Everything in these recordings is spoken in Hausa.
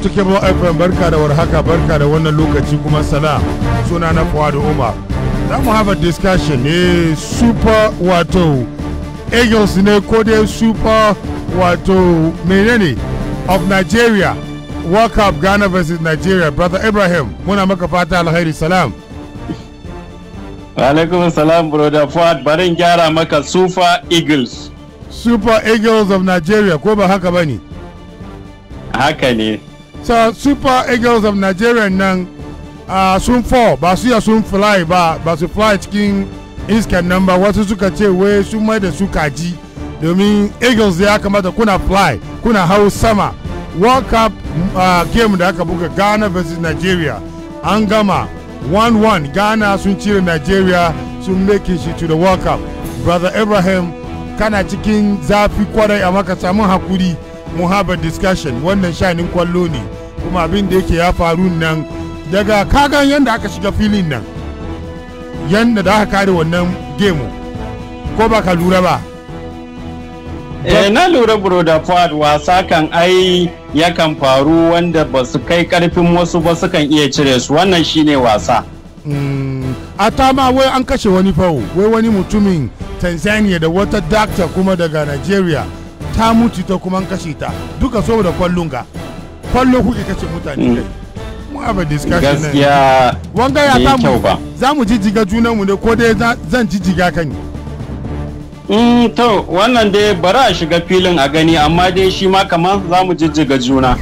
Tuke ba FM barka da warhaka barka da wannan lokaci kuma sana suna na Fuad Umar. Za mu have a discussion ne super wato Eagles ne ko dai super wato menene of Nigeria World Cup Ghana vs Nigeria brother Ibrahim muna maka fata alkhairi salam. Alaikum salam brother Fuad barin gyara maka Super Eagles. Super Eagles of Nigeria ko ba haka bane? Haka ne. so super eagles of nigeria nan uh, sun fall ba su ya sun fly ba ba su fly cikin iskan nan ba wasu suka ce wai sun mai da su kaji domin eagles ya kamata kuna fly kuna hau sama world cup uh, game da aka buga ghana vs nigeria an gama 1-1 ghana sun cire nigeria sun make shi to the world cup brother abraham kana cikin zafi kwarai amma ka samu hakuri mun haba discussion wannan shanin kwallo ne kuma abin da yake ya faru nan daga kagan yadda aka shiga filin nan yadda da aka kare wannan gemu ko ba ka lura ba eh, na lura broda fad wasa kan ai yakan faru wanda ba su kai karfin wasu ba su kan iya cire su wannan shine wasa hmm, a tama wai an kashe wani fawo wai wani mutumin tanzania da wata dakta kuma daga nigeria ta mutu ta kuma kashe ta duka saboda kwallon ga kwallo kuke kashe mutane hmm. kai mu aba discussion gaskiya wanga ya ta mu za mu jijiga junan mu ne ko dai zan jijiga kan Mm, to wannan dai bari a shiga filin a gani amma dai shi ma kamar za mu jijjiga juna.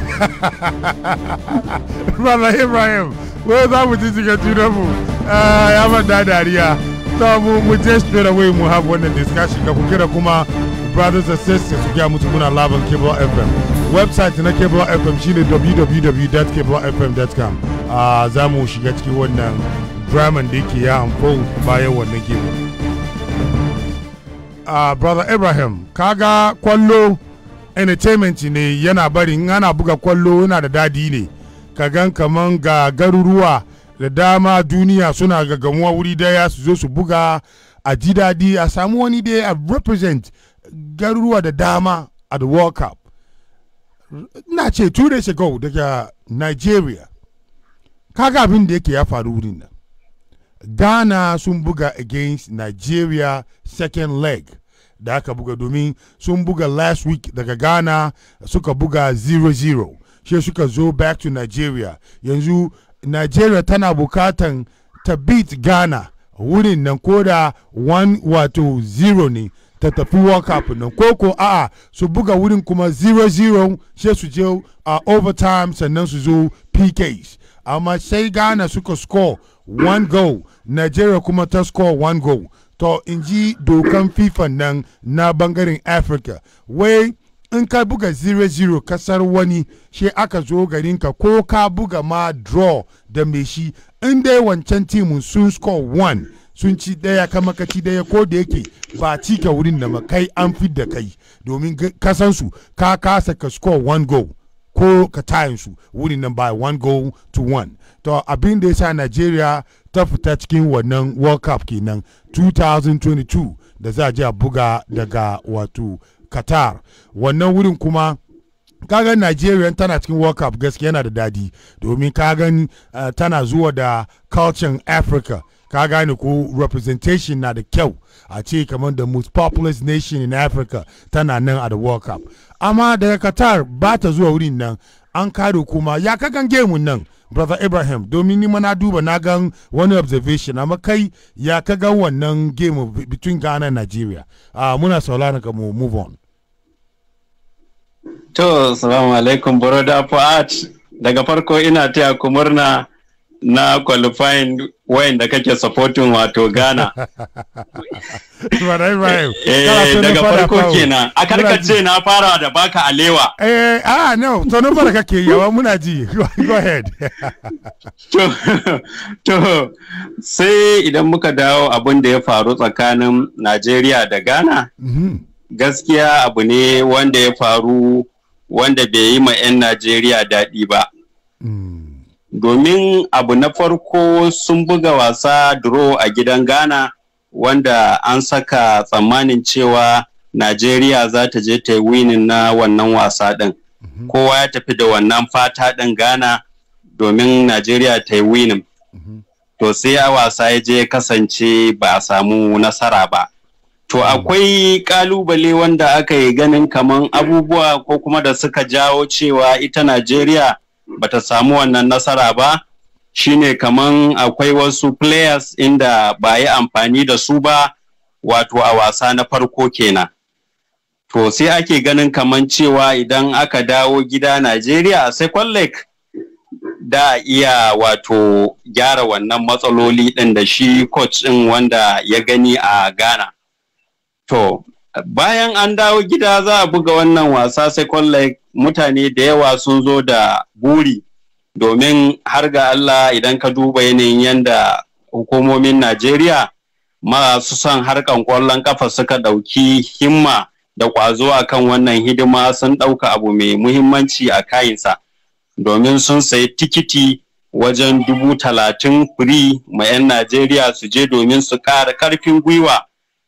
Rana Ibrahim, wai za mu jijjiga juna mu ah, ya ban dariya. To mu je straight away mu have wannan discussion da ku kira kuma brothers and sisters ku gaya musu muna on cable fm website na cable fm shine www.cablefm.com uh, ah, za mu shiga cikin wannan draman da yake ya unfold bayan wannan game uh, brother ibrahim kaga kwallo entertainment ne yana bari in ana buga kwallo yana da dadi ne ka gan kaman ga garuruwa da dama duniya suna gagamuwa wuri daya su zo su buga a ji dadi a samu wani dai a represent garuruwa da dama a the world cup na ce two days ago daga nigeria kaga abin da yake ya faru wurin nan ghana sun buga against nigeria second leg da aka buga domin sun buga last week daga ghana suka buga 0-0 shi suka zo back to nigeria yanzu nigeria tana bukatan ta beat ghana wurin nan koda 1 wato 0 ne tattafi tafi world cup nan ko ko a su buga wurin kuma 0-0 sai su je a overtime sannan su zo pks amma sai ghana suka score one goal nigeria kuma ta score one goal to in ji dokan fifa nan na bangaren africa wai in ka buga 0-0 kasar wani shi aka zo garinka ko ka buga ma draw da mai shi in dai wancan timin sun score one sun ci daya ka makaci daya ko da yake ba ci ka wurin da kai an fi da kai domin kasansu ka kasa ka score one goal ko ka tayin su wurin nan by one goal to one to abin da ya sa Najeriya ta fita cikin wannan World Cup kenan 2022 da za a je a buga daga wato Qatar wannan wurin kuma kagan nigeria tana cikin World Cup gaskiya yana da dadi domin kagan uh, eh, tana zuwa da culture Africa ka gane ko representation na da kyau a ce kamar the most populous nation in africa tana nan a da world cup amma daga qatar ba ta zuwa wurin nan an kare kuma ya kakan gemun nan brother ibrahim domin ni na duba na gan wani observation amma kai ya ka wannan game between ghana and nigeria uh, muna saurara ka mu move on to salamu alaikum brother fuad daga farko ina taya ku murna na qualifying wayanda kake supporting wato Ghana. Barai barai. Eh daga farko kenan. A karkace na fara da baka alewa. Eh ah no, to no fara kake yawa muna ji. Go ahead. to to sai idan muka dawo abin da ya faru tsakanin Najeriya da Ghana. Mm-hmm. Gaskiya abu ne wanda ya faru wanda bai yi ma 'yan Najeriya daɗi ba. Mm. domin abu na farko sun buga wasa draw a gidan ghana wanda an saka tsammanin cewa najeriya za ta je ta yi winin na wannan wasa ɗin mhm. kowa ya tafi da wannan fata ɗin ghana domin najeriya ta yi winin mhm. to sai a wasa ya je kasance ba a samu nasara ba to mhm. akwai kalubale wanda aka yi ganin kaman abubuwa ko kuma da suka jawo cewa ita najeriya bata samu wannan nasara ba shine kaman akwai wasu players inda ba yi amfani da su ba wato a wasa na farko kenan to sai ake ganin kaman cewa idan aka dawo gida Najeriya a second Lake da iya wato gyara wannan matsaloli ɗin da shi coach ɗin wanda ya gani a Ghana. To, bayan an dawo gida za a buga wannan wasa second leg mutane da yawa sun zo da buri domin har ga Allah idan ka duba yanayin yadda hukumomin Najeriya masu son harkan kwallon kafa suka ɗauki himma da ƙwazo a kan wannan hidima sun ɗauka abu mai muhimmanci a kayinsa domin sun sayi tikiti wajen dubu talatin firi ma 'yan Najeriya su je domin su ƙara ƙarfin gwiwa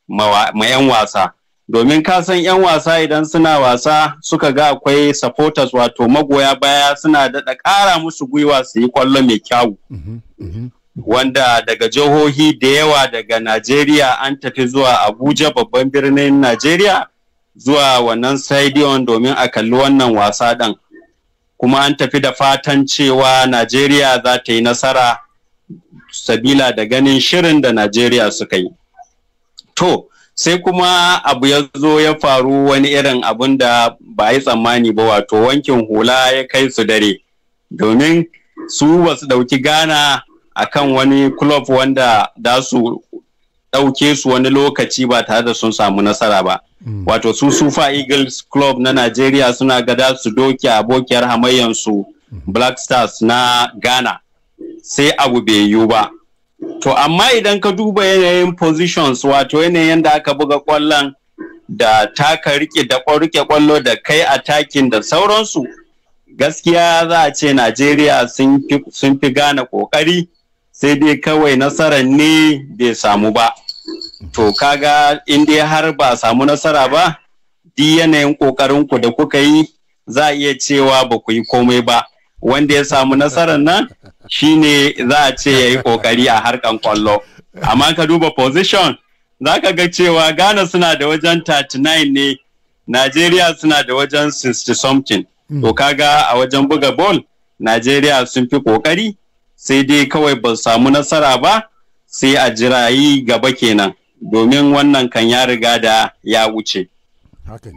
ma 'yan wasa. domin ka san 'yan wasa idan suna wasa suka ga akwai supporters wato magoya baya suna daɗa ƙara musu gwiwa su yi kwallo mai kyawu. Mhm, mhm. Wanda daga jihohi da yawa daga Najeriya an tafi zuwa Abuja babban birnin Najeriya zuwa wannan stadium domin a kalli wannan wasa ɗan. Kuma an tafi da fatan cewa Najeriya za ta yi nasara sabila da ganin shirin da Najeriya suka yi. To, sai kuma abu ya zo ya faru wani irin abun da ba yi tsammani ba wato wankin hula ya kai su dare domin su ba su ɗauki gana a kan wani kulob wanda da su ɗauke su wani lokaci ba tare da sun samu nasara ba mm. wato su sufa eagles club na nigeria suna gada su doki abokiyar hamayyansu mm. black stars na ghana sai abu bai yiwu ba To amma idan ka duba yanayin positions wato yanayin da aka buga kwallon da taka rike da rike kwallo da kai a takin da sauransu gaskiya za a ce Najeriya sun fi gane kokari sai dai kawai nasarar ne bai samu ba. To kaga in dai har ba samu nasara ba, di yanayin kokarinku da kuka yi za a iya cewa ba ku yi komai ba. wanda ya samu nasarar nan shine za a ce ya yi kokari a harkan kwallo amma ka duba position za ka ga cewa ghana suna da wajen 39 ne nigeria suna da wajen 60 something to hmm. kaga a wajen buga ball nigeria sun fi kokari sai dai kawai ba samu nasara ba sai a jirayi gaba kenan domin wannan kan ya riga da ya wuce haka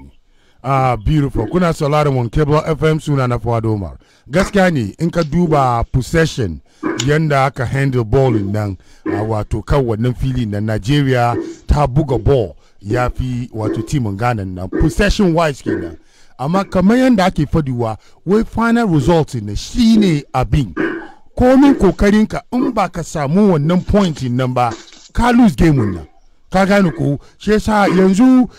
Ah, beautiful. Kuna sauraron mun Cable FM suna na Fuad Omar. Gaskiya ne in ka duba possession yanda aka handle ball nan uh, wato kan wannan fili na Nigeria ta buga ball ya fi wato timin Ghana na possession wise kenan. Amma kamar yanda ake fadiwa wai final result ne shine abin. Komin ka in ba ka samu wannan point nan ba ka lose game nan. ka gane ko shi yasa yanzu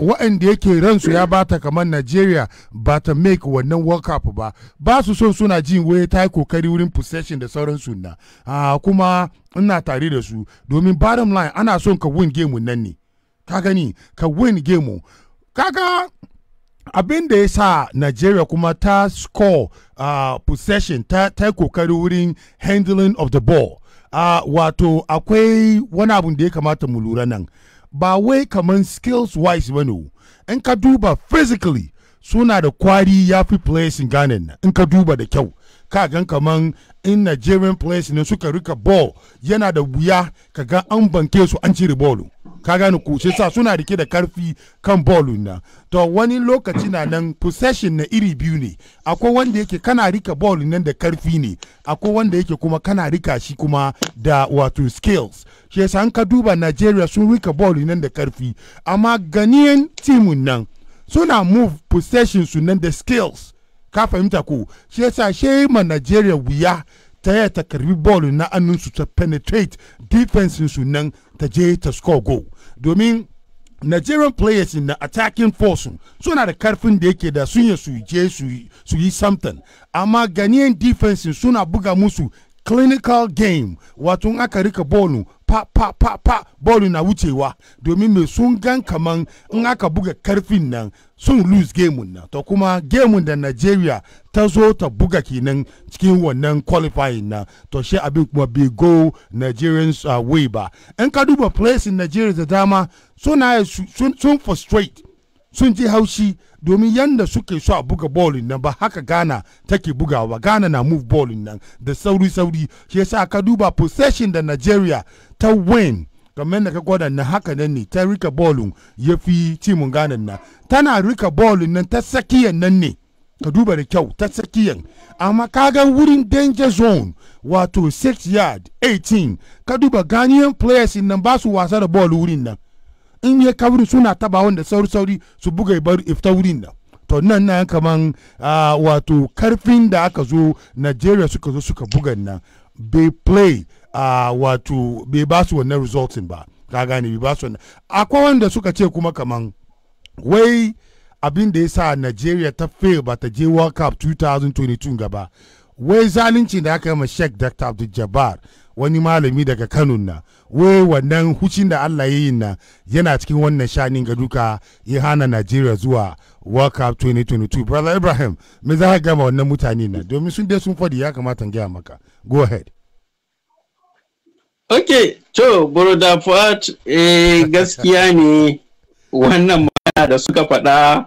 waɗanda yake ransu ya bata kamar najeriya ba ta make wannan World Cup ba ba su son suna jin waye ta yi kokari wurin possession da sauran na kuma ina tare da su domin bottom line ana son ka win game nan ne ka gani ka win game kaga abin da ya sa Nigeria kuma ta score possession ta, yi kokari wurin handling of the ball a wato akwai wani abu da ya kamata mu lura nan ba wai kaman skills wise ba ne in ka duba physically suna da kwari ya fi players in Ghana in ka duba da kyau ka gan kaman in Nigerian players ne suka rika ball yana da wuya ka ga an banke su an cire ball ka gane ku shi sa suna rike da karfi kan bolu na to wani lokaci na nan possession na iri biyu ne akwai wanda yake kana rika bolu nan da karfi ne akwai wanda yake kuma kana rika shi kuma da wato skills shi yasa an ka duba Nigeria sun rika bolu nan da karfi amma ganiyan timun nan suna move possession su nan da skills ka fahimta ko shi yasa shi ma Nigeria wuya ta yaya ta karbi ball na annunsu ta penetrate defense su nan ta je ta score goal domin Nigerian players in the attacking force suna da karfin da yake da sun yi su je su yi something amma Ghanaian defense suna buga musu clinical game wato in aka rika bolu pa pa pa pa bolu na wucewa domin mai sun gan kaman in aka buga karfin nan sun lose game nan to kuma game da Nigeria ta zo ta buga kenan cikin wannan qualifying na to shi abin kuma bai go Nigerians uh, way ba in ka duba place in Nigeria da dama suna sun frustrate sun ji haushi domin yanda suke so a buga bolin nan ba haka gana take bugawa gana ghana na move bolin nan da sauri sauri shi yasa ka duba possession da nigeria ta win kamar da ka gwada na haka nan ne ta rika bolin ya fi timin ghana nan tana rika bolin nan ta tsakiyan nan ne ka duba da kyau ta tsakiyan amma ka ga wurin danger zone wato 6 yard 18 ka duba ganiyan players nan ba su wasa da bolin wurin nan in ya kawuri suna taba wanda sauri sauri su buga bar ifta wurin nan to nan nan kaman wato karfin da aka zo Nigeria suka zo suka buga nan bai play wato bai ba su wannan resulting ba ka gane bai ba su wannan akwai wanda suka ce kuma kaman wai abin da ya sa Nigeria ta fail ba ta je World Cup 2022 gaba wai zalunci da aka yi ma sheikh dr abdul jabbar wani malami daga kano na wai wannan hucin da allah ya yi na yana cikin wannan shanin ga duka ya hana nigeria zuwa world cup 2022 brother ibrahim me za ka gama wannan mutane na domin sun dai sun faɗi ya kamata gaya maka go ahead ok to broda fuat eh, gaskiya ne wannan mana da suka faɗa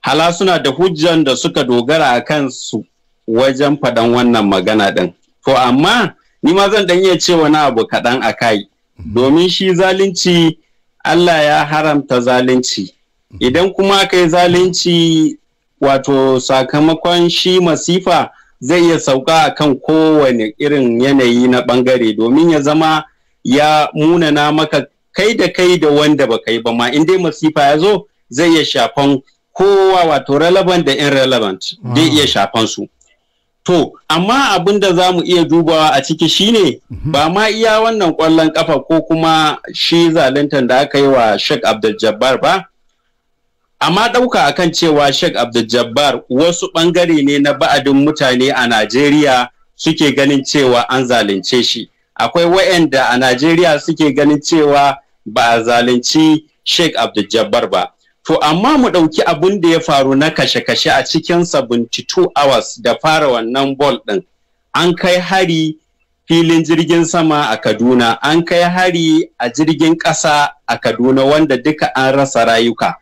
hala suna da hujjan da suka dogara a kansu wajen faɗan wannan magana ɗin. To amma ni ma zan iya ce wani abu kaɗan a kai, mhm. domin shi zalunci Allah ya haramta zalunci. Mhm. Idan kuma kai zalunci wato sakamakon shi masifa zai iya sauka a kan kowane irin yanayi na ɓangare domin ya zama ya munana maka kai da kai da wanda ba kai ba ma in dai masifa ya zo zai iya shafan kowa wato relevant da irrelevant zai ah. iya shafan su. To, amma abin da za mu iya dubawa a ciki shine mhm. ba ma iya wannan ƙwallon ƙafa ko kuma shi zaluntar da aka yi wa Sheikh Abdul Jabbar ba, amma ɗauka a kan cewa Sheikh Abdul Jabbar wasu ɓangare ne na ba'adin mutane a Najeriya suke ganin cewa an zalunce shi. Akwai wayanda a Najeriya suke ganin cewa ba a zalunci Sheikh Abdul Jabbar ba. To amma mu ɗauki abin da ya faru na kashe-kashe a cikin 72 hours da fara wannan bol ɗin. An kai hari filin jirgin sama a Kaduna, an kai hari a jirgin ƙasa a Kaduna wanda duka an rasa rayuka.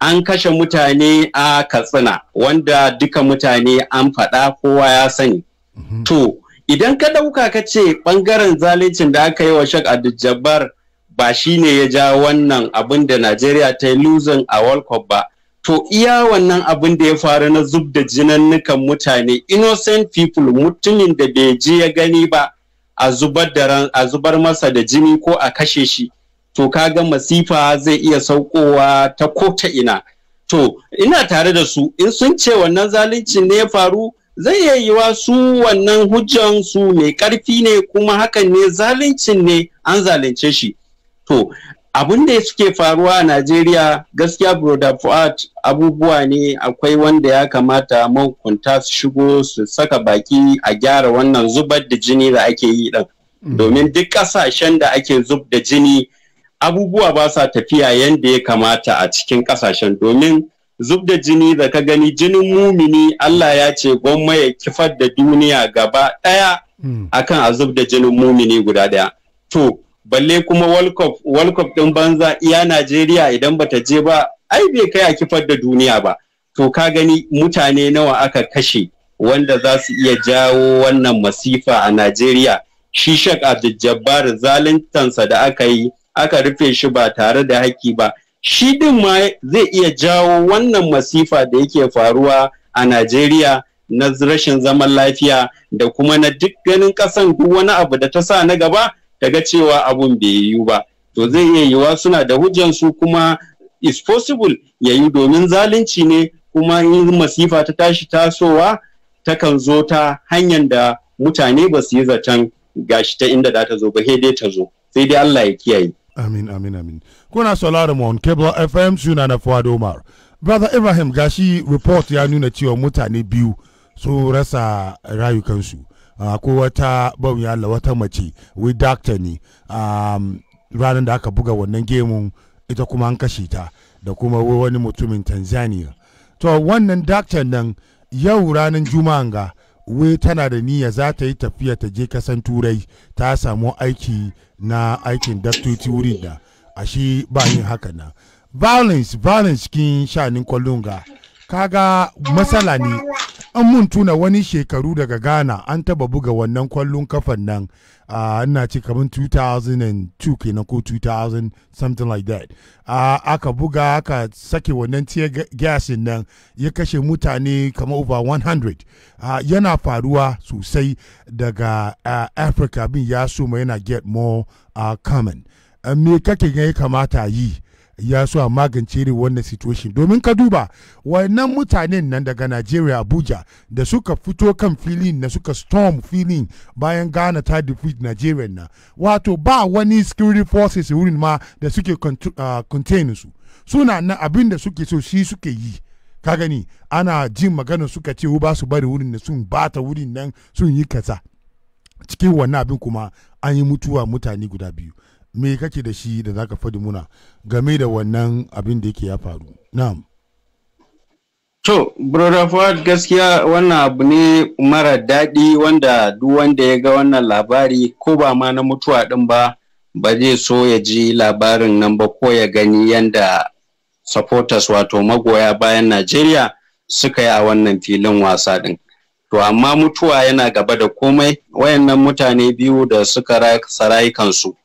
An kashe mutane a Katsina wanda duka mutane an faɗa kowa ya sani. Mhm. To, idan ka ɗauka ka ce ɓangaren zaluncin da aka yi wa Shak Abdul ba shi ne ya ja wannan abin da Najeriya ta yi losing a World Cup ba. To iya wannan abin da ya faru na zub da jinannukan mutane innocent people mutumin da bai je ya gani ba a zubar da ran a zubar masa da jini ko a kashe shi. To kaga masifa zai iya saukowa ta ko ta ina. To ina tare da su in sun ce wannan zalunci ne ya faru zai iya yiwa su wannan hujjan su mai karfi ne kuma hakan ne zaluncin ne an zalunce shi. to abin da suke faruwa a Najeriya gaskiya Broda Fuad abubuwa ne akwai wanda ya kamata mahukunta su shigo su saka baki a gyara wannan zubar da jini da ake yi ɗan. Mm. Domin duk ƙasashen da ake zub da jini abubuwa ba sa tafiya yadda ya kamata a cikin ƙasashen domin zub da jini da ka gani jinin mumini Allah ya ce gwamma ya kifar da duniya gaba ɗaya mm. akan a zub da jinin mumini guda ɗaya. To balle kuma world cup world din banza iya najeriya idan bata je ba ai bai kai a kifar da duniya ba to ka gani mutane nawa aka kashe wanda za su iya jawo wannan masifa a najeriya shi shak abdul zaluntansa da aka yi aka rufe shi ba tare da haƙƙi ba shi din ma zai iya jawo wannan masifa da yake faruwa a najeriya na rashin zaman lafiya da kuma na duk ganin ƙasan duk wani abu da ta sa na gaba ta ga cewa abun bai yiwu ba to zai iya yiwuwa suna da hujjansu kuma is possible ya yi domin zalunci ne kuma in masifa ta tashi tasowa takan zo ta hanyar da mutane ba su yi zaton gashi ta inda da ta zo ba dai ta zo sai dai Allah ya kiyaye. Amin amin amin. Kuna sauraron mu on Cable FM suna na Fuad Omar. Brother Ibrahim gashi report ya nuna cewa mutane biyu sun rasa rayukansu. Ah, ko wata ya Allah wata mace wai doctor ne ranar da aka buga wannan gemun ita kuma an kashe ta da kuma wani mutumin tanzania to wannan doctor nan yau ranar juma'a ga wai tana da niyya za ta yi tafiya ta je kasan turai ta samu aiki na aikin daktoci wuri da shi ba yin haka nan violence violence kin shanin kwallon ga kaga matsala ne an mun tuna wani shekaru daga ghana an taba buga wannan kwallon kafan nan ina ce kamar 2002 kenan ko 2000 something like that uh, aka buga aka sake wannan tear gasin nan ya kashe mutane kamar over 100 uh, yana faruwa sosai daga uh, africa bin ya soma yana get more uh, common me kake ya kamata yi ya so a magance irin wannan situation domin ka duba wannan mutanen nan daga nigeria Abuja da suka fito kan filin na suka storm filin bayan Ghana ta defeat nigeria na wato ba wani security forces wurin ma da suke ah, contain su suna na abin da suke so shi suke yi ka gani ana jin magana suka ce ba su bari wurin da sun bata wurin nan sun yi kaza cikin wannan abin kuma an yi mutuwa mutane guda biyu me kake da shi da zaka faɗi muna game da wannan abin da yake ya faru na'am To, Brother Fuad gaskiya wannan abu ne mara daɗi wanda duk wanda ya ga wannan labari ko ba ma na mutuwa ɗin ba, ba zai so ya ji labarin nan ba ko ya gani yanda supporters wato magoya bayan Najeriya suka yi a wannan filin wasa ɗin. To, amma mutuwa yana gaba da komai, wayannan mutane biyu da suka rayukansu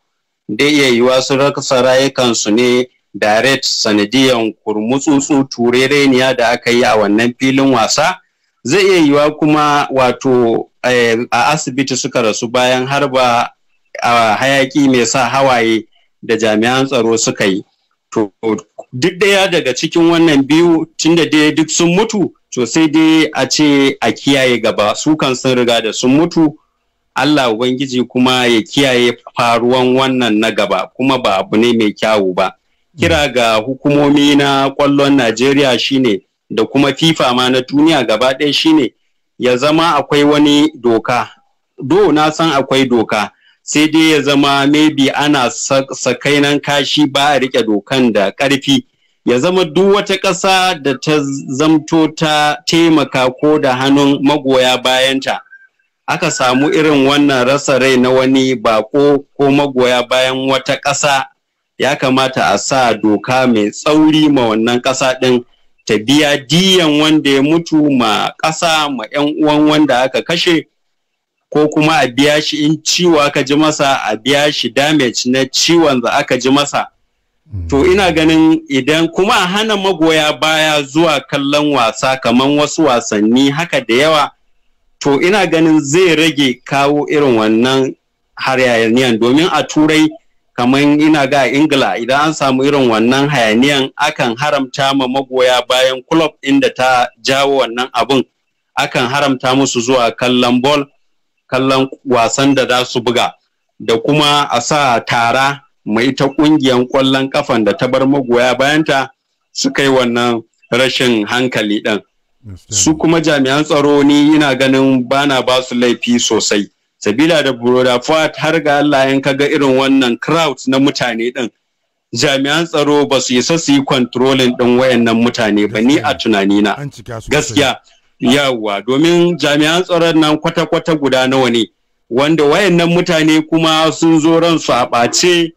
da iya yiwa sun rasa rayukansu ne direct sanadiyan kurmutsutsu turereniya da aka yi a wannan filin wasa zai iya yiwa kuma wato eh, a asibiti suka rasu bayan harba a hayaki mai sa hawaye da jami'an tsaro suka yi to duk daya daga cikin wannan biyu da dai duk sun mutu to sai dai a ce a kiyaye gaba sukan kan sun riga da sun mutu Allah Ubangiji kuma ya kiyaye faruwan wannan na gaba kuma ba abu ne mai kyawu ba. Kira mm. ga hukumomi na ƙwallon Najeriya shine da kuma FIFA ma na duniya gaba ɗaya shine ya zama akwai wani doka. Do na san akwai doka sai dai ya zama maybe ana sakainan kashi ba a riƙe dokan da ƙarfi. Ya zama duk wata ƙasa da ta zamto ta taimaka ko da hannun magoya bayanta. aka samu irin wannan rasa rai na wani bako ko magoya bayan wata ƙasa ya kamata a sa doka mai tsauri ma wannan ƙasa ɗin ta biya diyan wanda ya mutu ma ƙasa ma 'yan uwan wanda aka kashe ko kuma a biya shi in ciwo aka ji masa a biya shi damage na ciwon da aka ji masa hmm. to ina ganin idan kuma a hana magoya baya zuwa kallon wasa kamar wasu wasanni haka da yawa to ina ganin zai rage kawo irin wannan hayaniyan domin a turai kamar ina ga ingila idan an samu irin wannan hayaniyan akan haramta ma magoya bayan club inda ta jawo wannan abin akan haramta musu zuwa kallon ball kallon wasan da za su buga da kuma a sa tara mai ita kungiyan kwallon kafan da ta bar magoya bayanta su kai wannan rashin hankali ɗin. su kuma jami'an tsaro ni ina ganin bana ba su laifi sosai sabila da broda fuad har ga Allah in kaga irin wannan crowd na mutane din jami'an tsaro ba su isa su yi controlling din wayannan mutane ba ni a tunanina gaskiya yawwa domin jami'an tsaron nan kwata-kwata guda nawa ne wanda wayannan mutane kuma sun zo ransu a ɓace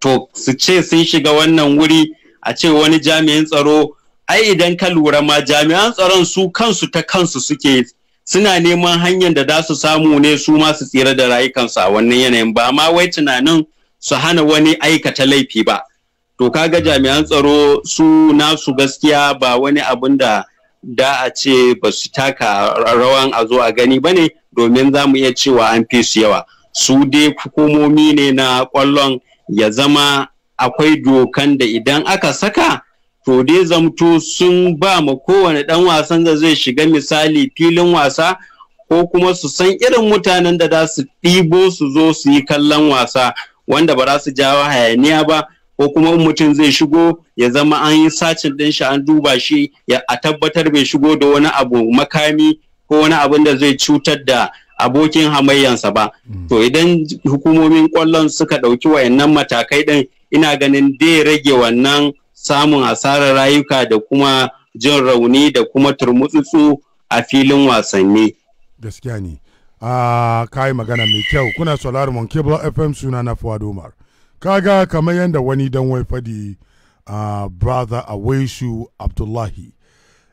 to su ce sun shiga wannan wuri a ce wani jami'in tsaro ai idan ka lura ma jami'an tsaron su kansu ta kansu suke suna neman hanyar da za su samu ne su ma su tsira da rayukansu a wannan yanayin ba ma wai tunanin su hana wani aikata laifi ba to kaga jami'an tsaro su nasu gaskiya ba wani abun da da a ce ba su taka rawan a zo a gani ba ne domin za mu iya cewa an fi su yawa su dai hukumomi ne na kwallon ya zama akwai dokan da idan aka saka to dai zamto sun ba ma kowane ɗan wasan da zai shiga misali filin wasa ko kuma su san irin mutanen da za su ɗibo su zo su yi kallon wasa wanda ba za su jawo hayaniya ba ko kuma mutum zai shigo ya zama an yi sacin ɗin shi an duba shi ya a tabbatar bai shigo da wani abu makami ko wani abin da zai cutar da abokin hamayyansa ba mm. to idan hukumomin kwallon suka ɗauki wayannan matakai ɗin ina ganin dai rage wannan samun asarar rayuka da kuma jin rauni da kuma turmutsutsu a filin wasanni. Gaskiya ne. a kayi magana mai kyau kuna mon cable fm suna na fuad umar kaga kamar yadda wani dan wai fadi a brother awaisu abdullahi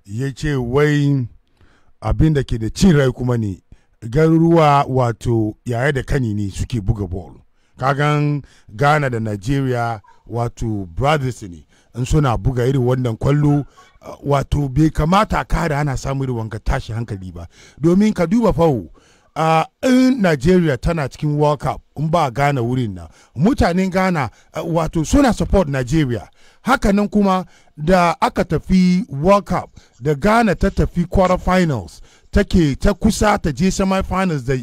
ya ce wai abin da ke da cin rai kuma ne garuruwa wato yaya da kani ne suke buga ball kagan ghana da nigeria wato brothers ne in suna buga irin wannan kwallo wato bai kamata a kada ana samun irin wanka tashi hankali ba domin ka duba fawo a in nigeria tana cikin world cup in ba ghana wurin na mutanen ghana wato suna support nigeria hakanan kuma da aka tafi world cup da ghana ta tafi quarter finals take ta kusa ta je semi finals da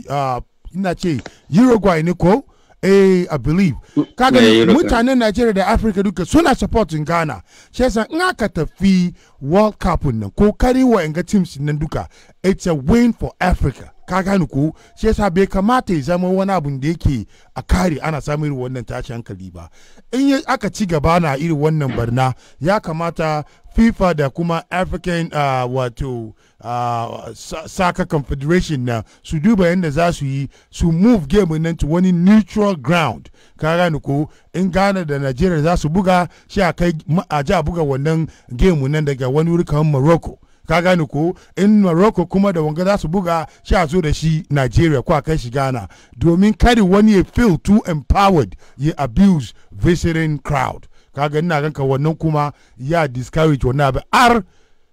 ina ce uruguay ne ko eh i believe mm. kaga mutanen Najeriya da Africa duka suna supporting Ghana shi yasa in aka tafi World Cup nan kokari wa inga teams nan duka it's a win for Africa ka gane ko shi yasa bai kamata ya zama wani abu da yake a kare ana samun irin wannan tashi hankali ba in aka ci gaba na irin wannan barna ya kamata fifa da kuma african uh, wato uh, ah, saka confederation na su duba yadda za su yi su move game nan to wani neutral ground ka gane ko in ghana da nigeria za su buga shi a kai a buga wannan game nan daga wani wuri kamar morocco ka gane ko in morocco kuma da wanga za su buga shi a zo da shi nigeria ko a kai shi ghana domin kari wani ya feel too empowered ya abuse visiting crowd gani na ganka wannan kuma ya discourage wannan abin ar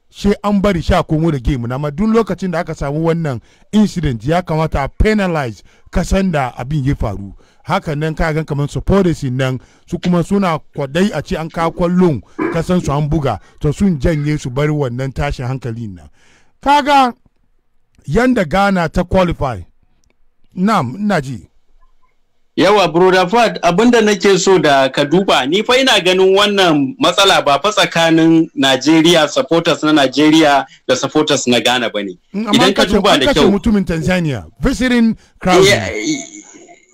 she an bari sha komo da game na duk lokacin da aka samu wannan incident ya kamata a penalize kasan da abin ya faru hakanan nan ka kamar su policy nan su kuma suna kwadai a ce an ka kwallon kasan su an buga to sun janye su bari wannan tashin hankali nan kaga yanda ghana ta qualify nam ina ji yawa broda fad abinda nake so da ka duba ni fa ina ganin wannan matsala ba fa tsakanin nigeria supporters na nigeria da supporters na ghana ba ne mm, idan ka duba da kyau mutumin tanzania visiting crowd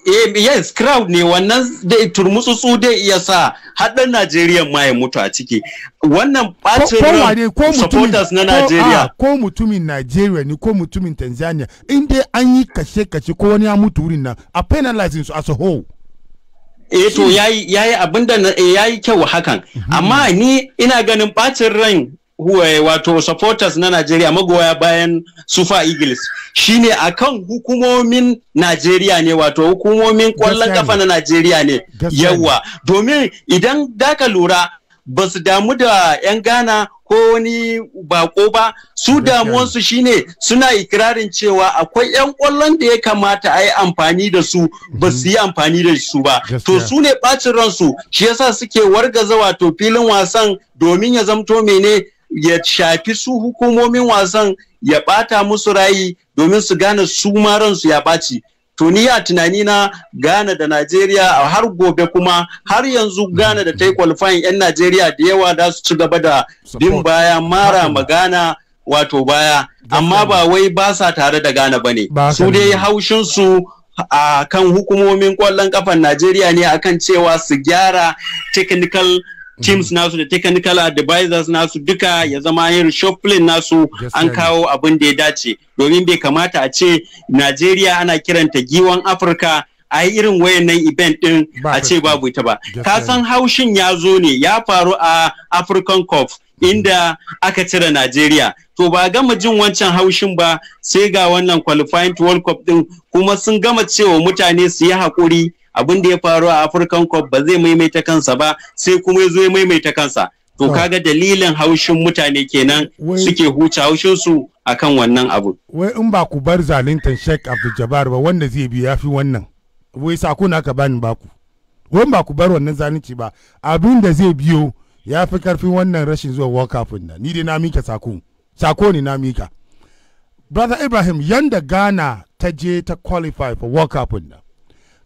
Eh, yes crowd ne wannan da turmutsutsu dai iya sa haɗin Najeriya ma ya mutu a ciki wannan ɓacin supporters na Najeriya ah, ko mutumin Najeriya ne ko mutumin Tanzania in dai an yi kashe-kashe ko wani ya mutu wurin nan a penalizing su as a whole eh to yayi yayi abinda eh, yayi kyau hakan mhm. amma ni ina ganin bacin ran wato supporters na Najeriya magoya bayan Sufa Eagles shine akan hukumomin Najeriya ne wato hukumomin kwallon kafa na Najeriya ne yawa domin idan daka lura ba su damu da 'yan Ghana ko wani bako ba su damuwansu shine suna ikirarin cewa akwai 'yan kwallon da ya kamata a yi amfani da su ba su yi mhm. amfani da su ba to su ne ɓacin ransu shi yasa suke wargaza wato filin wasan domin ya zamto mene ya shafi su hukumomin wasan ya bata musu rayi domin su gane su maransu ransu ya ɓaci to ni a tunani na Ghana da Najeriya har gobe kuma har yanzu Ghana da ta yi kwalifayin 'yan Najeriya da yawa da su ci gaba da bin baya mara magana wato baya amma ba wai ba sa tare da Ghana ba ne su dai haushin su a kan hukumomin kwallon kafan Najeriya ne akan cewa su gyara technical teams mm. nasu da technical advisors nasu duka ya zama yin shuffling nasu an kawo abin da ya dace domin bai kamata a ce Najeriya ana kiranta giwan Afirka a yi irin wayannan event din a ce babu ita ba ka san haushin ya zo ne ya faru a African Cup mm. inda aka cire Najeriya. To ba gama jin wancan haushin ba sai ga wannan qualifying World Cup din kuma sun gama cewa mutane su yi haƙuri abin da ya faru a African Cup ba zai maimaita kansa ba sai kuma ya zo ya maimaita kansa to kaga dalilin haushin mutane kenan suke huce haushin su akan wannan abu wai in ba ku bar zalintan Sheikh Abdul Jabbar ba wanda zai bi yafi wannan wai sako na ka bani baku wai ba ku bar wannan zalunci ba abin da zai biyo ya fi karfin wannan rashin zuwa World Cup nan ni dai na mika sako sako ne na mika brother ibrahim yanda ghana ta je ta qualify for world cup na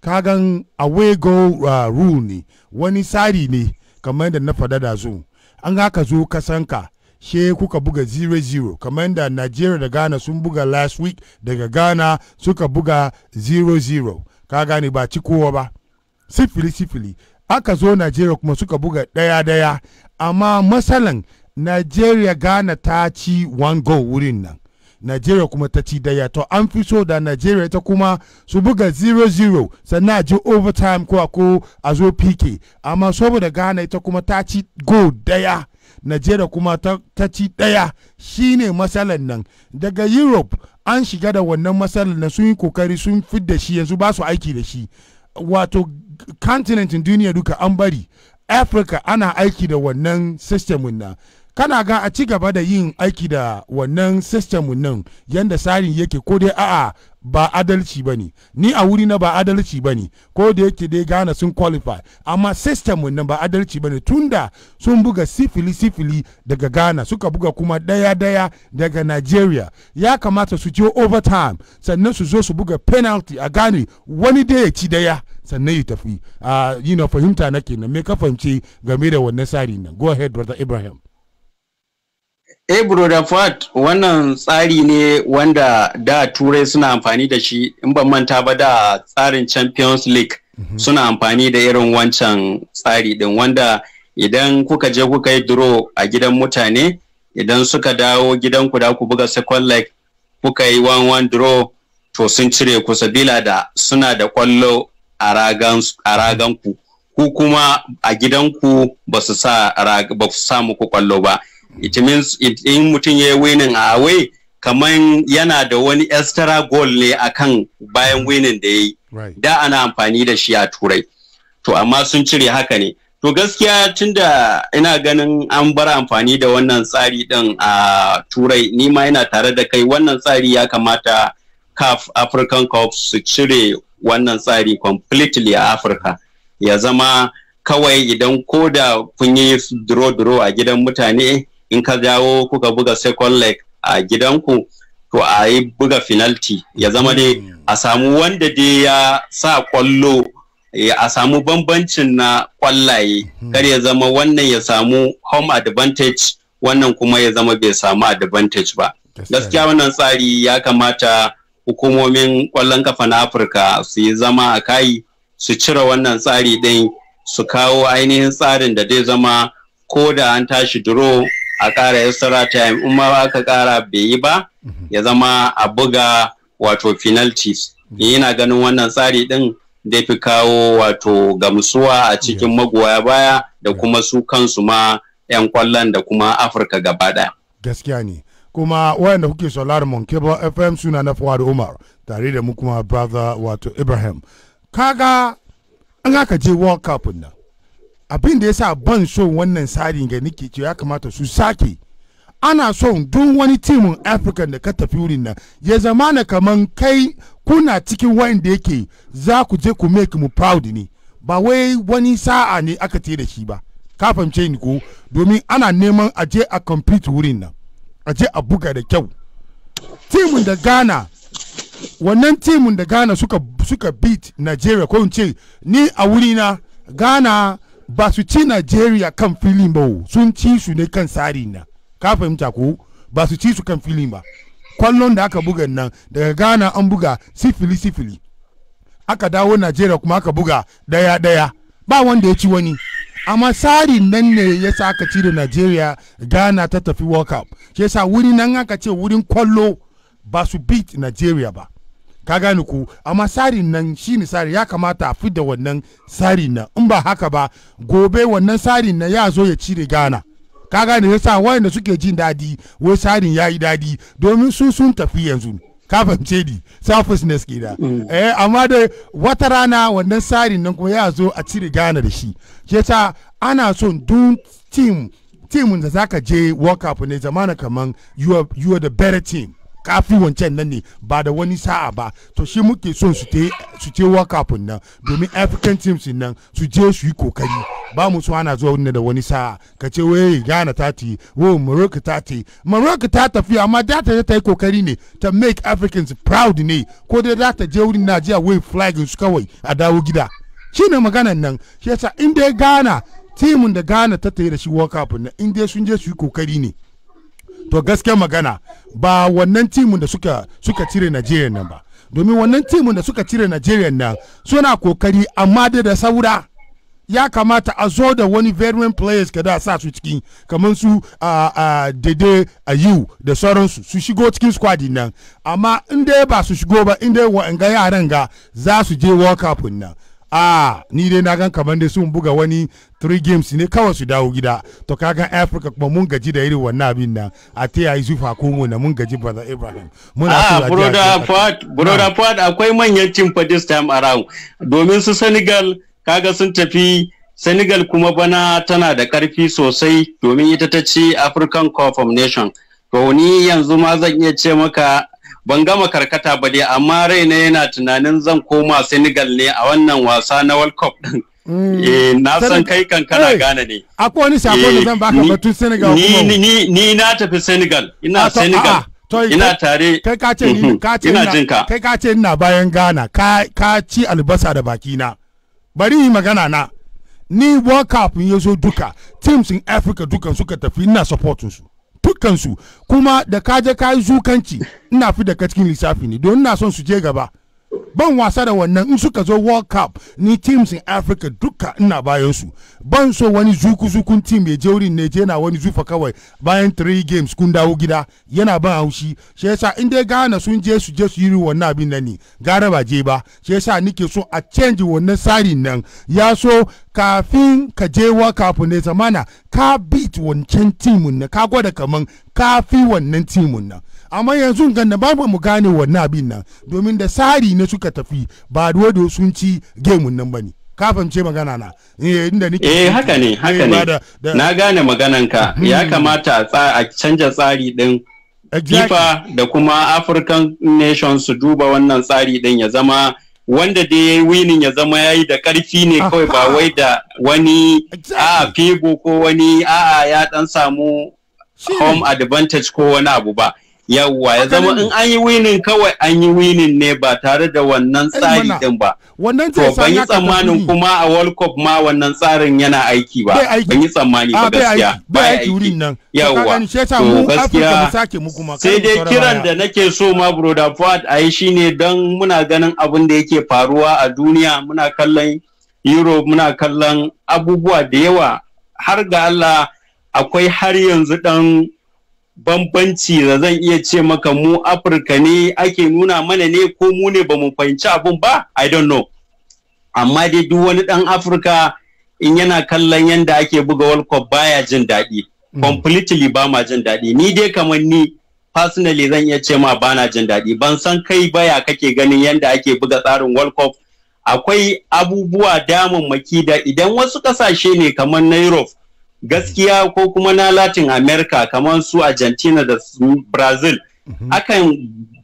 kagan away go uh, rule ne wani tsari ne kamar da na faɗa da zo an haka zo kasanka she kuka buga 0-0 kamar da nigeria da ghana sun buga last week daga ghana suka buga 0-0 ka gane ba ci kowa ba sifili sifili aka zo nigeria kuma suka buga ɗaya daya amma matsalan nigeria ghana ta ci one goal wurin nan nigeria kuma ta ci daya to an fi so da nigeria ta kuma su buga 0-0 sannan a ji overtime ko ko a zo pk amma saboda ghana ita kuma ta ci go daya nigeria kuma ta ci daya shine matsalar nan daga europe an shiga da wannan matsalar na sun yi kokari sun fidda shi yanzu ba su aiki da shi wato continent duniya duka an bari africa ana aiki da wannan system nan kana ga a ci gaba da yin aiki da wannan system nan yanda tsarin yake ko dai a'a ba adalci ba ne ni a wuri na ba adalci ba ne ko da yake dai gana sun qualify amma system nan ba adalci ba ne tunda sun buga sifili sifili daga ghana suka buga kuma daya daya daga nigeria ya kamata su je overtime sannan su zo su buga penalty a gane wani da ya ci daya sannan ya tafi ah, yi na fahimta na kenan me ka fahimci game da wannan tsari nan go ahead brother ibrahim Eh, Broda wannan tsari ne wanda da turai suna amfani da shi in ban manta ba da tsarin Champions League mhm. suna amfani da irin wancan tsari din wanda idan kuka je kuka yi draw a gidan mutane idan suka dawo gidanku da ku buga second leg kuka yi one one draw to sun cire ku sabila da suna da kwallo a raganku ku kuma a gidanku ba su sa muku kwallo ba. it means in mutum ya yi winning a away kamar yana da wani extra goal ne akan bayan winning da ya yi da ana amfani da shi a turai to amma sun cire haka ne to gaskiya tunda ina ganin an bar amfani da wannan tsari din a turai ni ma ina tare da kai wannan tsari ya kamata caf african cup su cire wannan tsari completely a afirka ya zama kawai idan ko da kun yi draw draw a gidan mutane in ka jawo kuka buga second leg a gidanku to a yi buga finalti ya zama dai a samu wanda dai ya sa kwallo a samu bambancin na kwallaye hmm. kar ya zama wannan ya samu home advantage wannan kuma ya zama bai samu advantage ba gaskiya wannan tsari ya kamata hukumomin kwallon kafa na afirka su yi zama a kai su cire wannan tsari din su kawo ainihin tsarin da zai zama ko da an tashi duro a ƙara extra time in ma aka ƙara bai yi ba mhm. ya zama a buga wato penalties yana mhm. eh, ganin wannan tsari din da fi kawo wato gamsuwa a cikin magoya baya da kuma su kansu ma 'yan kwallon da kuma afirka gaba daya. gaskiya ne kuma wayanda kuke sauraron mon fm suna na fawar umar tare da mu kuma brother wato ibrahim kaga an aka je world cup nan abin da sa ban so wannan tsarin ga nike cewa ya kamata su sake ana son duk wani timin african da ka tafi wurin nan ya zama na kaman kai kuna cikin da yake za ku je ku make mu proud ne ba wai wani sa'a ne aka ce da shi ba ka fahimce ni ko domin ana neman a je a compete wurin nan a je a buga da kyau timin da ghana wannan timin da ghana suka suka beat nigeria ko in ce ni a wurina ghana ba su ci Najeriya kan filin ba sun ci su ne kan tsari na ka fahimta ko ba su ci su kan filin ba kwallon da aka buga nan daga Ghana an buga sifili sifili aka dawo Najeriya kuma aka buga daya daya ba wanda ya ci wani amma tsari nan ne ya sa aka ci da Najeriya Ghana ta tafi World Cup shi sa wuri nan aka ce wurin kwallo ba su beat Najeriya ba ka gane ku amma tsarin nan shi misali ya kamata a fi da wannan sarin nan in ba haka ba gobe wannan sarin nan ya zo ya cire gana ka gane yasa wanda suke jin dadi wai tsarin ya yi dadi domin su sun tafi yanzu ka fahimce ni selfishness ke da mm. eh, amma da wata rana wannan sarin nan kuma ya zo a cire gana da shi sa ana son dun team team da zaka je world cup ne zamana kaman you are, you are the better team kafi wancan nan ne ba da wani sa'a ba to shi muke son su te su te world cup nan domin african teams nan su je su yi kokari ba mu so ana zuwa wani da wani sa'a ka ce wai Ghana ta ti wo Morocco ta ti Morocco ta tafi amma da ta ta yi kokari ne ta make africans proud ne ko dai za ta je wurin Najeriya wai flag su kawai a dawo gida shine maganan nan shi yasa in dai Ghana timin da Ghana ta yi da shi World Cup na in dai sun je su yi kokari ne to gaskiya magana ba wannan timin da suka suka cire Najeriya nan ba domin wannan timin da suka cire Najeriya nan suna kokari amma da da saura ya kamata a zo da wani veteran players ka da sa su ciki kamar su a dede a yiwu da sauransu su shigo cikin squad nan amma in dai ba su shigo ba in wa'anga yaran ga za su je world cup nan a ni dai na gan kamar dai sun buga wani three games ne kawai su dawo gida to kaga africa kuma mun gaji da irin wannan abin nan a ta yayi zufa ko na mun gaji ba ibrahim muna a broda fat broda fat akwai manyan team for this time around domin su senegal kaga sun tafi senegal kuma bana tana da karfi sosai domin ita ta ci african cup of nation to ni yanzu ma zan iya ce maka ban gama karkata ba dai amma raina yana tunanin zan koma Senegal ne a wannan wasa na World Cup din. Mm. Eh, na san kai kan kana gane ne. Akwai wani sako da eh, zan baka batun Senegal kuma. Ni ni ni na tafi Senegal, ina ah, Senegal. Ah, ina tare kai ka ce mhm. ka ce ina jinka kai ka ce ina bayan Ghana ka ka ci albasa da baki na. Bari yi magana na. Ni World Cup ya zo duka, teams in Africa duka suka tafi ina supportin su. dukkansu kuma da kaje kayi zukanci ina fi da ka cikin lissafi ne don ina son su je gaba ban wasa da wannan in suka zo world cup ni teams in africa duka ina bayan su ban so wani zuku zukun team ya je wurin ne na wani zufa kawai bayan three games kun dawo gida yana ban haushi shi yasa in dai gana sun je su je su yi wannan abin nan ne gara ba je ba shi yasa nike so a change wannan tsarin nan ya so kafin ka je world cup ne zamana ka beat wancan team ne ka gwada kaman ka fi wannan team nan amma yanzu gan da babu mu gane wannan abin nan domin da sari ne suka tafi ba da sun ci gemun nan bane ka fahimce magana na eh, inda nake eh haka ne eh, haka ne na gane maganan ka hmm. ya kamata a canja tsari din FIFA da kuma African Nations su duba wannan tsari din ya zama wanda da ya yi winin ya zama ya yi da karfi ne kawai ba wai da wani a fego ko wani a'a ya dan samu home advantage ko wani abu ba yawwa ya zama in an yi winin kawai an yi winin ne ba tare da wannan tsari din ba wannan to ban yi tsammanin kuma a world cup ma wannan tsarin yana aiki ba ban yi tsammani ba ah, gaskiya ba aiki wurin nan yawwa to gaskiya sai dai kiran da nake so ma broda fuad a yi shine don muna ganin abin da yake faruwa a duniya muna kallon europe muna kallon abubuwa da yawa har ga Allah akwai har yanzu dan bambanci da zan iya ce maka mu afirka ne ake nuna mana ne ko mu ne ba mu fahimci abun ba i don't know amma dai duk wani dan afirka in yana kallon yadda ake buga world cup baya jin daɗi hmm. completely ba ma jin daɗi ni dai kamar ni personally zan iya ce ma bana jin daɗi ban san kai baya kake ganin yadda ake buga tsarin world cup akwai abubuwa damammaki da idan wasu ƙasashe ne kamar na europe gaskiya ko kuma na latin america kamar su argentina da brazil mhm. akan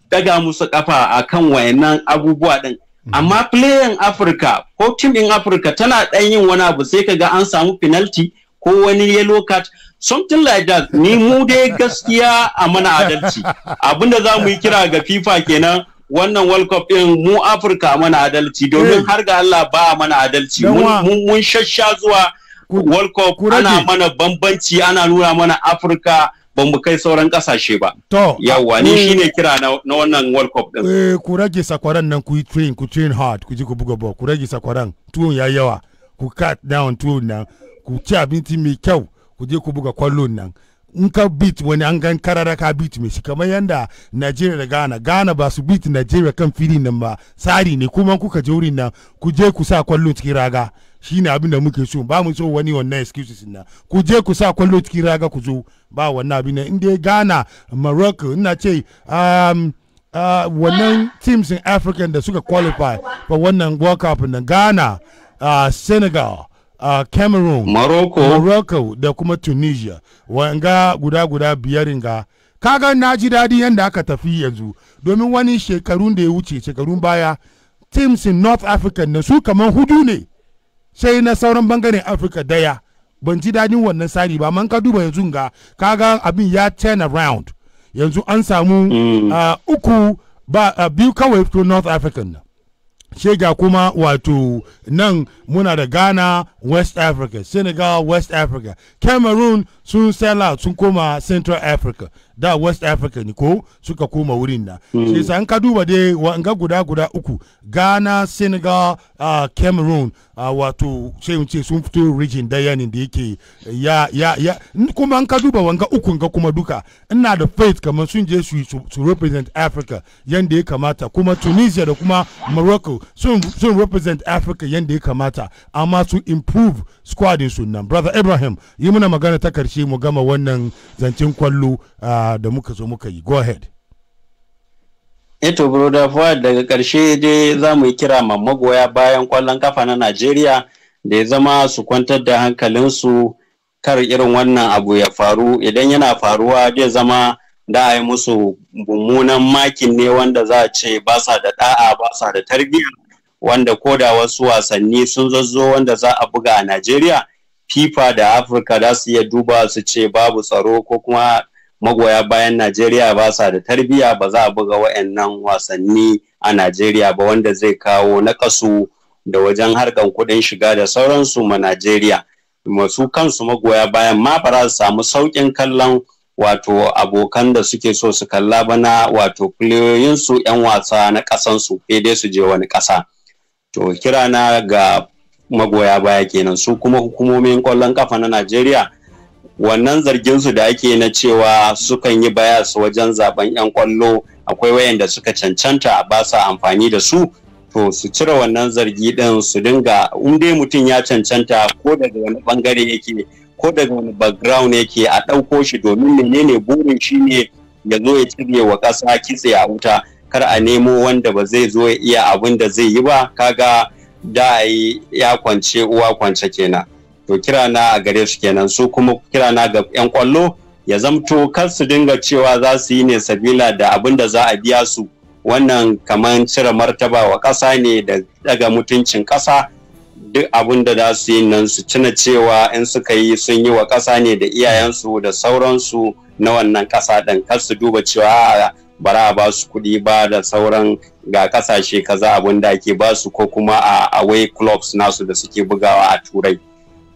daga musu kafa a kan wayannan abubuwa din mhm. amma playan afirka ko team din africa tana dan yin wani abu sai ka ga an samu penalty ko wani yellow card something like that ni mu dai gaskiya a mana adalci abinda za mu yi kira ga fifa kenan wannan world cup din mu afirka mana adalci domin eh. har ga allah ba a mana adalci mun shasha zuwa World Cup ana mana bambanci ana nuna mana Afirka ba mu kai sauran kasashe ba. To. Yawwa ni eh, shine kira na, wannan World Cup din. Eh ku rage sakwaran nan ku train ku train hard ku ji ku buga ball ku rage sakwaran tuwon ya yawa ku cut down tuwon nan ku ci abinci mai kyau ku je ku buga kwallon nan. in ka beat wani an gan karara ka beat mai shi kamar yanda Najeriya da Ghana Ghana ba su beat Najeriya kan fili nan ba tsari ne kuma kuka je wurin nan ku je ku sa kwallo cikin raga shi shine abin da muke so ba mu so wani wannan excuses na ku je ku sa kwallo cikin raga ku zo ba wannan abin da inda Ghana Morocco ina ce um, uh, wannan teams in African da suka qualify for wannan World Cup na Ghana uh, Senegal uh, Cameroon Morocco Morocco da kuma Tunisia wanga guda guda biyar ga kaga na ji daɗi yadda aka tafi yanzu domin wani shekarun da ya wuce shekarun baya teams in north africa na su kamar hudu ne sai na sauran bangaren afirka daya ban ji dadin wannan tsari ba man ka duba yanzu ga kaga abin ya turn around yanzu an samu mm. ah, uku ba a ah, biyu kawai to north african nan shega kuma wato nan muna da ghana west africa senegal west africa cameroon sun sell out sun koma central africa da west africa ne ko suka koma wurin na hmm. shi sa ka duba dai wanga guda guda uku ghana senegal uh, cameroon uh, wato sai ce sun fito region da yanin da yake ya ya ya kuma an ka duba wanga uku ga kuma duka ina da faith kamar sun je su su represent africa yanda ya kamata kuma tunisia da kuma morocco sun sun represent africa yanda ya kamata amma su improve squadin su nan brother ibrahim yi muna magana ta karshe mu gama wannan zancen kwallo uh, da muka zo muka yi go ahead eto broda fuad daga karshe dai za mu yi kira ma magoya bayan kwallon kafa na najeriya da ya zama su kwantar da hankalinsu kar irin wannan abu ya faru idan yana faruwa zai zama da a yi musu mummunan makin ne wanda za a ce ba sa da da'a ba sa da tarbiyya wanda koda wasu wasanni sun zazzo wanda za a buga a najeriya fifa da afirka za su iya duba su ce babu tsaro ko kuma magoya bayan Najeriya ba sa da tarbiyya ba za a buga wa'annan wasanni a Najeriya ba wanda zai kawo nakasu da wajen harkan kuɗin shiga da sauransu ma Najeriya. Masu kansu magoya bayan ma ba su samu saukin kallon wato abokan da suke so su kalla bana wato su 'yan wasa na ƙasansu dai su je wani ƙasa. To kirana ga magoya baya kenan su kuma hukumomin ƙwallon ƙafa na Najeriya. wannan zargin su da ake na cewa sukan yi bayas wajen zaben yan kwallo akwai wayanda suka cancanta ba sa amfani da su to su cire wannan zargi din su dinga in dai mutum ya cancanta ko daga wani bangare yake ko daga wani background yake a ɗauko shi domin menene burin shi ne ya zo ya cire wa ƙasa kitse a wuta kar a nemo wanda ba zai zo ya iya abin da zai yi ba kaga da ya kwance uwa kwance kenan to kirana a gare su kenan su kuma kirana ga 'yan kwallo ya zamto kar su dinga cewa za su yi ne sabila da abin da za a biya su wannan kamar cire martaba wa ƙasa ne da daga mutuncin ƙasa duk abin da za su yi nan su cina cewa in suka yi sun yi wa ƙasa ne da iyayensu da sauransu na wannan ƙasa dan kar su duba cewa bara a ba su kuɗi ba da sauran ga kasashe kaza abin da ake ba su ko kuma a away clubs nasu da suke bugawa a turai.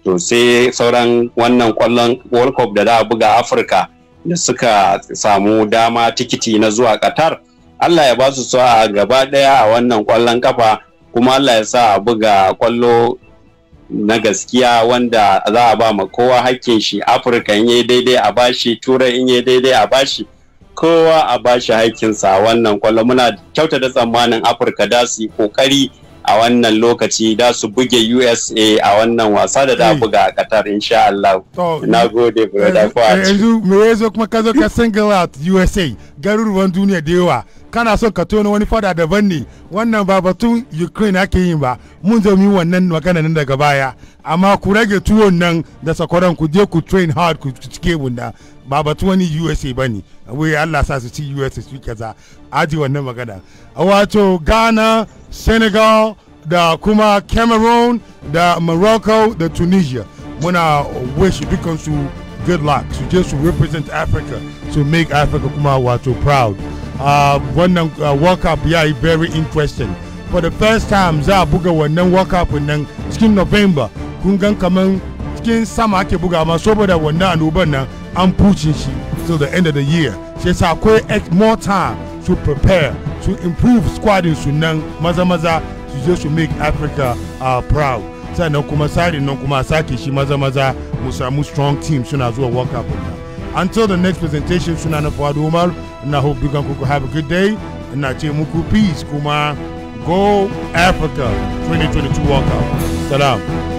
to sai sauran wannan kwallon world cup da za a buga afirka da suka samu dama tikiti na zuwa katar allah ya ba su so a gaba daya a wannan kwallon kafa kuma allah ya sa a buga kwallo na gaskiya wanda za a ba ma kowa hakkin shi afirka in yi daidai a bashi turai in yi daidai a bashi kowa a bashi hakkinsa a wannan kwallo muna kyauta da tsammanin afirka da su yi kokari a wannan lokaci da su buge USA a wannan wasa da da eh. buga a Qatar insha Allah. Na gode brother eh, Fuad. Eh, yanzu me yazo kuma ka zo ka single out USA garuruwan duniya da yawa kana son ka tona wani fada daban ne wannan ba batun Ukraine ake yin ba mun zo mu wannan magana nan daga baya amma ku rage tuwon nan da sakwaran ku je ku train hard ku cike bunda ba batu wani USA ba ne wai Allah sa su ci USA su kaza aji wannan magana wato Ghana senegal da kuma cameroon da morocco da tunisia muna wish dukansu good luck to just represent africa to make africa kuma wato proud ah, wannan uh, world cup ya yi very interesting for the first time za a buga wannan world cup nan cikin november kun gan kaman cikin sama ake buga amma saboda wannan annoban nan an pucin shi till the end of the year shi yasa akwai more time To prepare to improve squad su nan maza-maza su je su make africa uh, proud sannan kuma sari nan kuma sake shi maza-maza mu samu strong team suna zuwa world cup until the next presentation suna na fawad umar na hope dukan kuku have a good day ina ce muku peace kuma go africa 2022 world cup salam